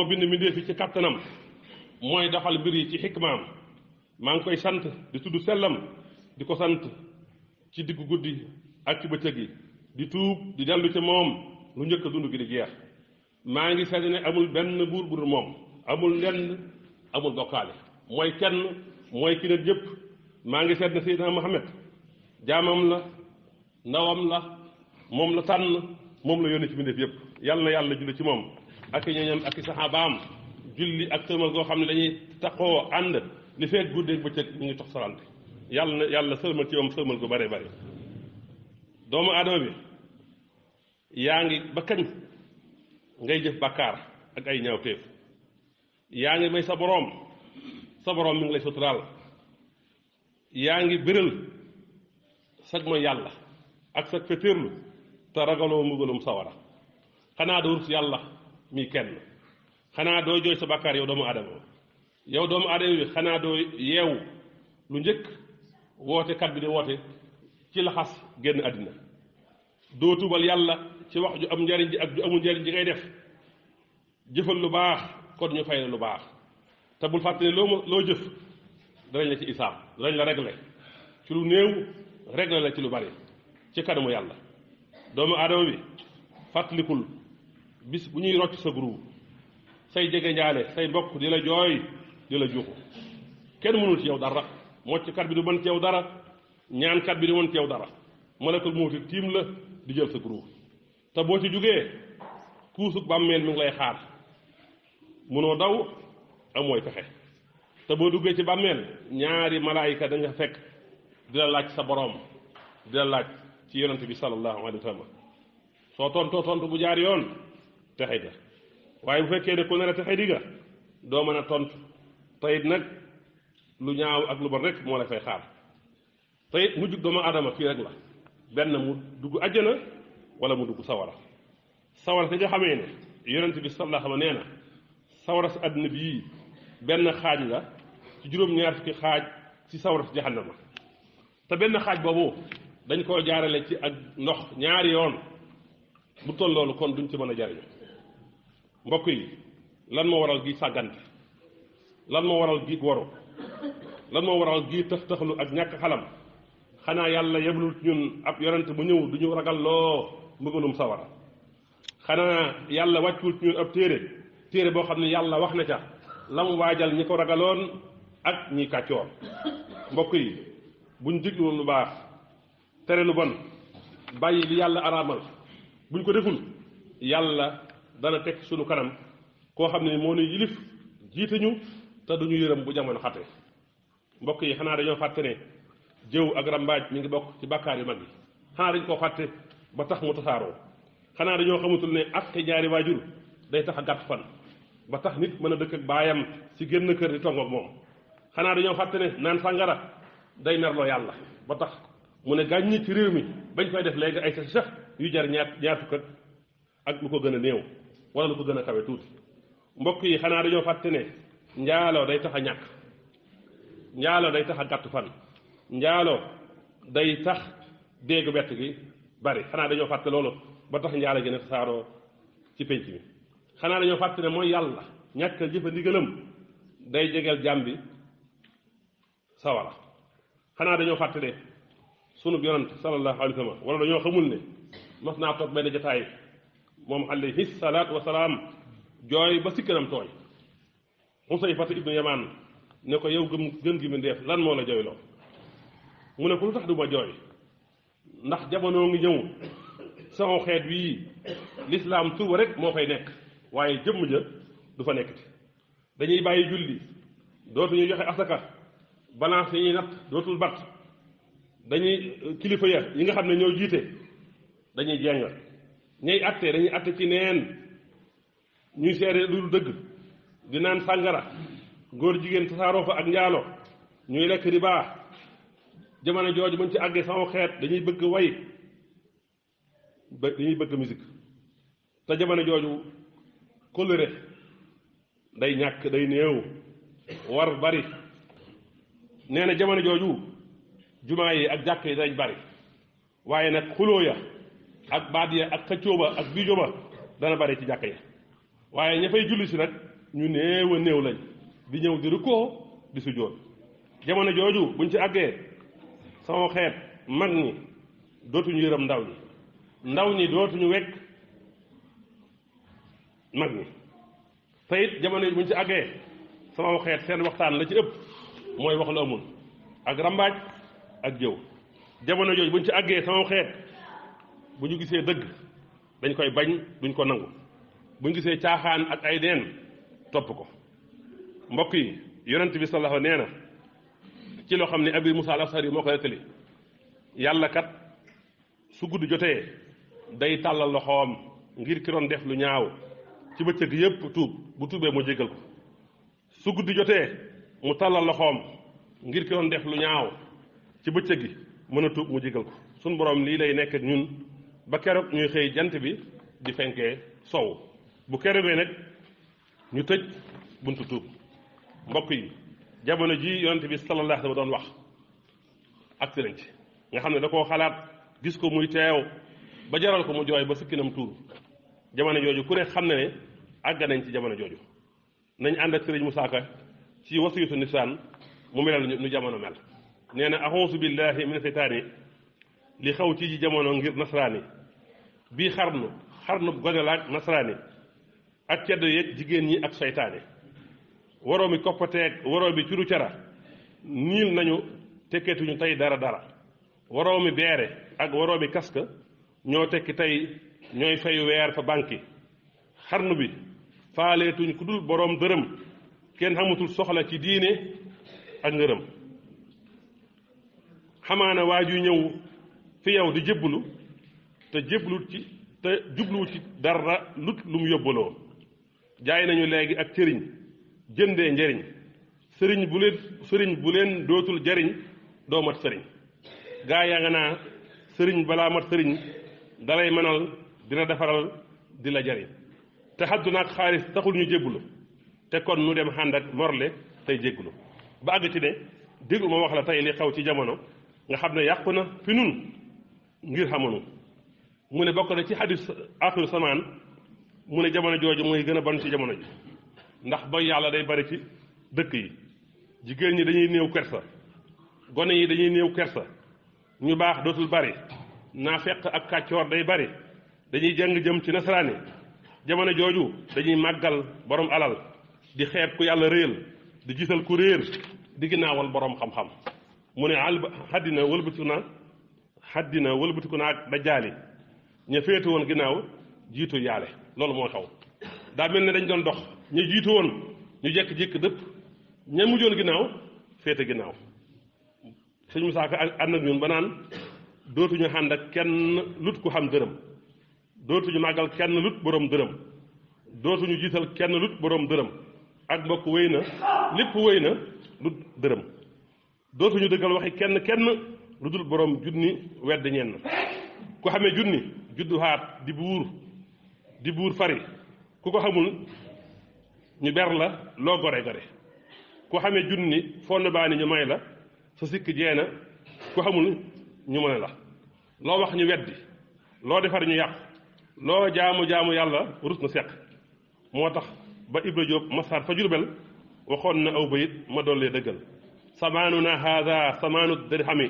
moo bind mbindéef yi ci kattanam mooy doxal mbir yi ci xikmaam maa ngi koy sant di tudd sellam di ko sant ci diggu guddi ak ci bëccëg yi di tuub di dellu ci moom lu njëkk dund gi di jeex maa ngi seede ne amul benn buur bu dul moom amul lenn amul bokkaale mooy kenn mooy ki ne maa ngi seede ne Seydina Muhammad jaamam la ndawam la moom la tànn moom la yónni ci mbindéef yépp yal na yàlla julli ci moom ak i ñooñam ak i saxaabaam julli ak sëlmal goo xam ne dañuy taxoo ànd li feet guddeeg bëccëg ñu ngi tox salante yàlla na yàlla sëlmal ci moom sëlmal gu bare bare doomu aadama bi yaa ngi ba kañ ngay jëf bàkkaar ak ay ñaawteef yaa ngi may sa boroom sa boroom mi ngi lay suturaal yaa ngi béral sag mooy yàlla ak sag fetéerlu te ragaloo mbugalum sawara xanaa da wurus yàlla mi kenn xanaa doo jooy sa bàkkaar yow doomu aadama yow doomu aadama bi xanaa doo yeewu lu njëkk woote kat bi di woote ci laxas génn àddina doo tuubal yàlla ci wax ju am njariñ ji ak ju amul njariñ ji ngay def jëfal lu baax kon ñu fay la lu baax te bul fàtte ne loo ma loo jëf danañ la ci isaab danañ la réglé ci lu néew réglé la ci lu bari ci kanamu yàlla doomu aadama bi fàttalikul bis bu ñuy rocc sa groupe say jege njaale say mbokk di la jooy di la juuxu kenn mënul ci yow dara mocckat bi du mën ci yow dara ñaankat bi du mën ci yow dara malakul mawti tiim la di jël sa groupe te boo ci jugee kuusug bàmmeel mi ngi lay xaar mënoo daw amooy pexe te boo duggee ci bàmmeel ñaari malaayika da fekk di la laaj sa boroom di la laaj ci yonent bi sallallahu alayhi wa sallam soo tontoo tontu bu jaar yoon texay ga waaye bu fekkee ne ku ne la texay di doo mën a tontu tayit nag lu ñaaw ak lu bon rek moo la fay xaar tayit mu jug doomu adama fii rek la benn mu dugg àjjana wala mu dugg sawara sawara te nga xamee ne yonent bi sallallahu alayhi nee na sawara si àddina bii benn xaaj la ci juróom-ñaar fukki xaaj ci sawara si jahannama te benn xaaj boobu dañ koo jaarale ci ak ndox ñaari yoon bu toll loolu kon duñ ci mën a jariñu mbokk yi lan moo waral gi sàggante lan moo waral gi waru lan moo waral gi tëx tëxlu ak ñàkk xalam xanaa yàlla yeblut ñun ab yonent bu ñëwul du ñu ragal loo mbëggalum sawara xanaa yàlla wàccul ñun ab téere téere boo xam ne yàlla wax na ca lam waajal ñi ko ragaloon ak ñi kàccoor mbokk yi buñ diglu lu baax tere nu bon bàyyi li yàlla araamal buñ ko deful yàlla dana teg sunu kanam koo xam ne moo nu yilif jiite ñu te duñu yërëm bu jamono xate mbokk yi xanaa dañoo fàtte ne jëw ak rambaaj mi ngi bokk ci bàkkaar yu mag yi xanaa dañ koo fàtte ba tax mu tasaaroo xanaa dañoo xamatul ne ak ñaari waajur day tax a gàtt fan ba tax nit mën a dëkk ak baayam ci génn kër di tongoog moom xanaa dañoo fàtte ne naan sàngara day merloo yàlla ba tax mu ne gàññi ci réew mi bañ koy def léegi ay sax yu jar ñaar ñaar ak lu ko gën a néew wala lu ko gën a kawe tuuti mbokk yi xanaa dañoo fàtte ne njaaloo day tax a ñàkk njaaloo day tax a gàtt fan njaaloo day tax déegu bett gi bari xanaa dañoo fàtte loolu ba tax njaalo gi ne tasaaroo ci pénc mi xanaa dañoo fàtte ne mooy yàlla ñàkk jëfa ndigalam day jegeel jàmm bi sawara xanaa dañoo fàtte ne sunu yonant sallallahu alayhi wa sallam wala dañoo xamul ne mas naa toog benn jataay moom alayhi salaatu wasalaam jooy ba sikkanam tooy Xusayfata ibnu Yamaan ne ko yow gëm gën gi mbindéef lan moo la jooyloo mu ne ko lu tax du ma jooy ndax jamono ngi ñëw sama xeet wii lislaam tuuba rek moo koy nekk waaye jëmm ja du fa nekkati dañuy bàyyi julli dootuñu joxe asaka balance yi ñuy dootul bat dañuy kilifa ya yi nga xam ne ñoo jiite dañuy jeng ñay attee dañuy atte ci neen ñuy seere du dëgg di naan sàngara góor jigéen tasaaroo fa ak njaalo ñuy lekk riba jamono jooju buñ ci àggee sama xeet dañuy bëgg way dañuy bëgg musique te jamono jooju coloré day ñàkk day néew war bari neena na jamono jooju jumaa yi ak jàkk yi dañ bari waaye nag xuloo ya ak baat ya ak xëccoo ba ak biijo ba dana bare ci jàkka yi waaye ña fay julli si nag ñu néew néew lañ di ñëw di rukkoo di su jóot jamono jooju buñ ci àggee sama xeet mag ñi ndaw ñi ndaw ñi dootuñu wekk mag ñi te jamono yi buñ ci àggee sama xeet seen waxtaan la ci ëpp mooy wax lu amul ak rambaaj ak jëw jamono jooju buñ ci àggee sama xeet bu ñu gisee dëgg dañ koy bañ duñ ko nangu bu ñu gisee caaxaan ak ay deen topp ko mbokk yi yonent bi sallallahu nee na ci loo xam ne abi musa al asari moo ko nettali yàlla kat su gudd jotee day tàllal loxoom ngir ki doon def lu ñaaw ci bëccëg yépp tuub bu tuubee mu jégal ko su guddi jotee mu tàllal loxoom ngir ki doon def lu ñaaw ci bëccëg gi mën a tuub mu jégal ko suñ borom lii lay nekk ñun ba keroog ñuy xëy jant bi di fenkee sow bu keroogee nag ñu tëj buntu tuub mbokk yi jamono ji yonent bi sallallahu alayhi wa doon wax ak nañ ci nga xam ne da koo xalaat gis ko muy teew ba jaral ko mu jooy ba sikkinam tuur jamono jooju ku ne xam na ne àgg nañ ci jamono jooju nañ ànd ak sëriñ mu Ka ci wasiyatu nisaan mu melal ñu jamono mel nee na axuusu billahi min seytaani li xaw ci jamono ngir nasraani bii xarnu xarnu gone la ak nasaraani ak ceddo yeeg jigéen ñi ak seytaane waroomi koppateeg waroomi curu cara niil nañu tekketuñu tey dara dara waroomi beere ak waroomi kaska ñoo tekki tey ñooy fayu weer fa banque xarnu bi faaleetuñ ku dul boroom dërëm kenn xamatul soxla ci diine ak ngërëm xamaana waa ju ñëw fi yow di jëbblu te jébluwut ci te jubluwut ci dara lut lu yóbbaloo jaay nañu léegi ak sëriñ jëndee njariñ sëriñ bu leen sëriñ bu leen dootul jariñ doo mat sëriñ gaa yaa nga naa sëriñ balaa mat sëriñ dalay mënal dina defaral di la jariñ te xaddu naag xaalis taxul ñu jébbulu te kon nu dem xànd ak morle tey jéggulu ba àgg ci ne déglu ma wax la tey li xaw ci jamono nga xam ne yàqu na fi nun ngir xamunu mu ne bokk na ci xadis axiru samaan mu ne jamono jooju mooy gën a bon ci jamono ji ndax booy yàlla day bari ci dëkk yi jigéen ñi dañuy néew kersa gone yi dañuy néew kersa ñu baax dootul bari naa fekk ak kàccoor day bari dañuy jàng jëm ci nasaraani jamono jooju dañuy màggal borom alal di xeeb ku yàlla réel di gisal ku réer di ginnaawal borom xam-xam mu ne àll ba xaddina na xaddina wëlbatiku na ak dajaali ña féete woon ginnaaw jiitu yaale loolu moo xaw daa mel ni dañ doon dox ña jiitu woon ñu jekk-jekk dëpp ña mujjoon ginnaaw féete ginnaaw sëñ Musaa Ka ànd ñun ba naan dootuñu ànd ak kenn lut ku xam dërëm dootuñu màggal kenn lut borom dërëm dootuñu jiital kenn lut boroom dërëm ak mbokk wéy na lépp wéy na lut dërëm dootuñu dëggal waxi kenn kenn lu dul borom junni wedd ñenn ku xamee junni juddu di buur di buur fari ku ko xamul ñu ber la loo gore gore ku xamee junni fonn baani ñu may la sa sikk jeena ku xamul ñu mën la loo wax ñu weddi loo defar ñu yàq loo jaamu jaamu yàlla rus na seq moo tax ba Ibra Jóob masaar fa Jurbel waxoon na aw bayit ma dollee dëggal samaanu na haada samaanu dirhami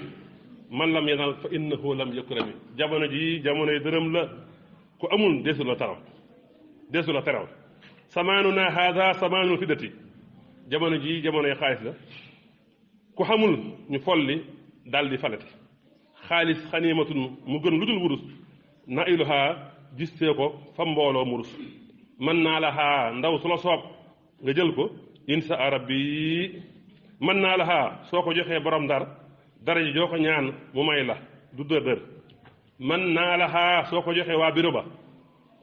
man la lam yanal fa innahu lam yukrami jamono jii jamonoy dërëm la ku amul deesu la taram deesu la teral samaanu na haada samaanu fiddati jamono jii jamonoy xaalis la ku xamul ñu folli daal di falati xaalis xaniimatun mu gën lu dul wurus na iluhaa gistee ko fa mbooloo murus rus mën naa la xaa ndaw su la soob nga jël ko insa rabbi mën naa la xaa soo ko joxee borom ndar daraja joo ko ñaan mu may la du dër dër man naa la soo ko joxee waa biro ba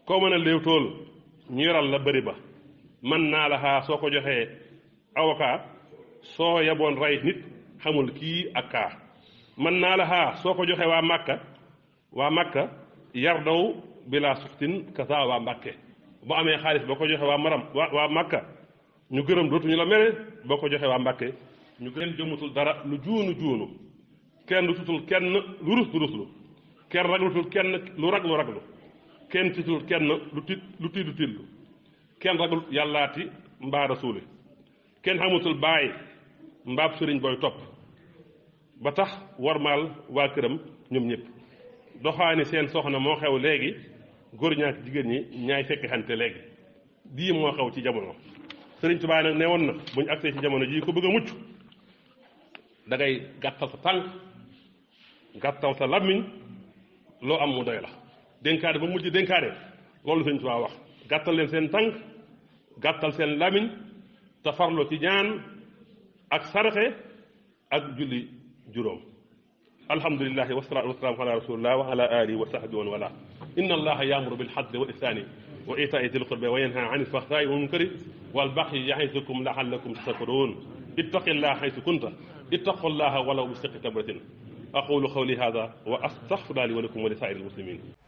koo mën a léew tool ñu yoral la bari ba man naa la soo ko joxee avocat soo yaboon rey nit xamul kii ak kaa man naa la soo ko joxee waa màkka waa màkka yar daw bilaa suftin kasa waa mbàkke bu amee xaalis boo ko joxe waa maram waa waa ñu gërëm dootuñu la mere boo ko joxe waa mbàkke ñu gën jëmutul dara lu juunu juunu kenn du tutul kenn lu rus du ruslu kenn raglutul kenn lu raglu raglu kenn titul kenn lu tit lu tiit du tillu kenn raglu yàllaati mbaa rasuule kenn xamutul bàyyi mbaab sëriñ booy topp ba tax warmaal waa këram ñoom ñëpp doxaani seen soxna moo xew léegi góor ñaak jigéen ñi ñaay fekk xante léegi dii moo xew ci jamono sëriñ Tuubaa nag ne woon na bu ñu agsee ci jamono jii ko bëgg a mucc da gàttal sa tànk gàttal sa làmmiñ loo am mu doy la dénkaane ba mujj dénkaane loolu sëñ Tuubaa wax gàttal leen seen tànk gàttal seen làmmiñ te farlo ci ñaan ak saraxe ak julli juróom alhamdulillahi wasalaatu wasalaamu ala rasulillah wa ala alihi wa sahbi man wala inna allaha yaamuru bil adli wal ihsani wa itaai dil qurba wa yanha anil fahsai wal munkari wal baxyi ya'izukum la'allakum tashkurun ittaqillaha haysu kunta ittaqullaha walaw bi siqi tamratin aqulu qawli hada wa astaghfirullaha li wa lakum wa li saa'iril muslimin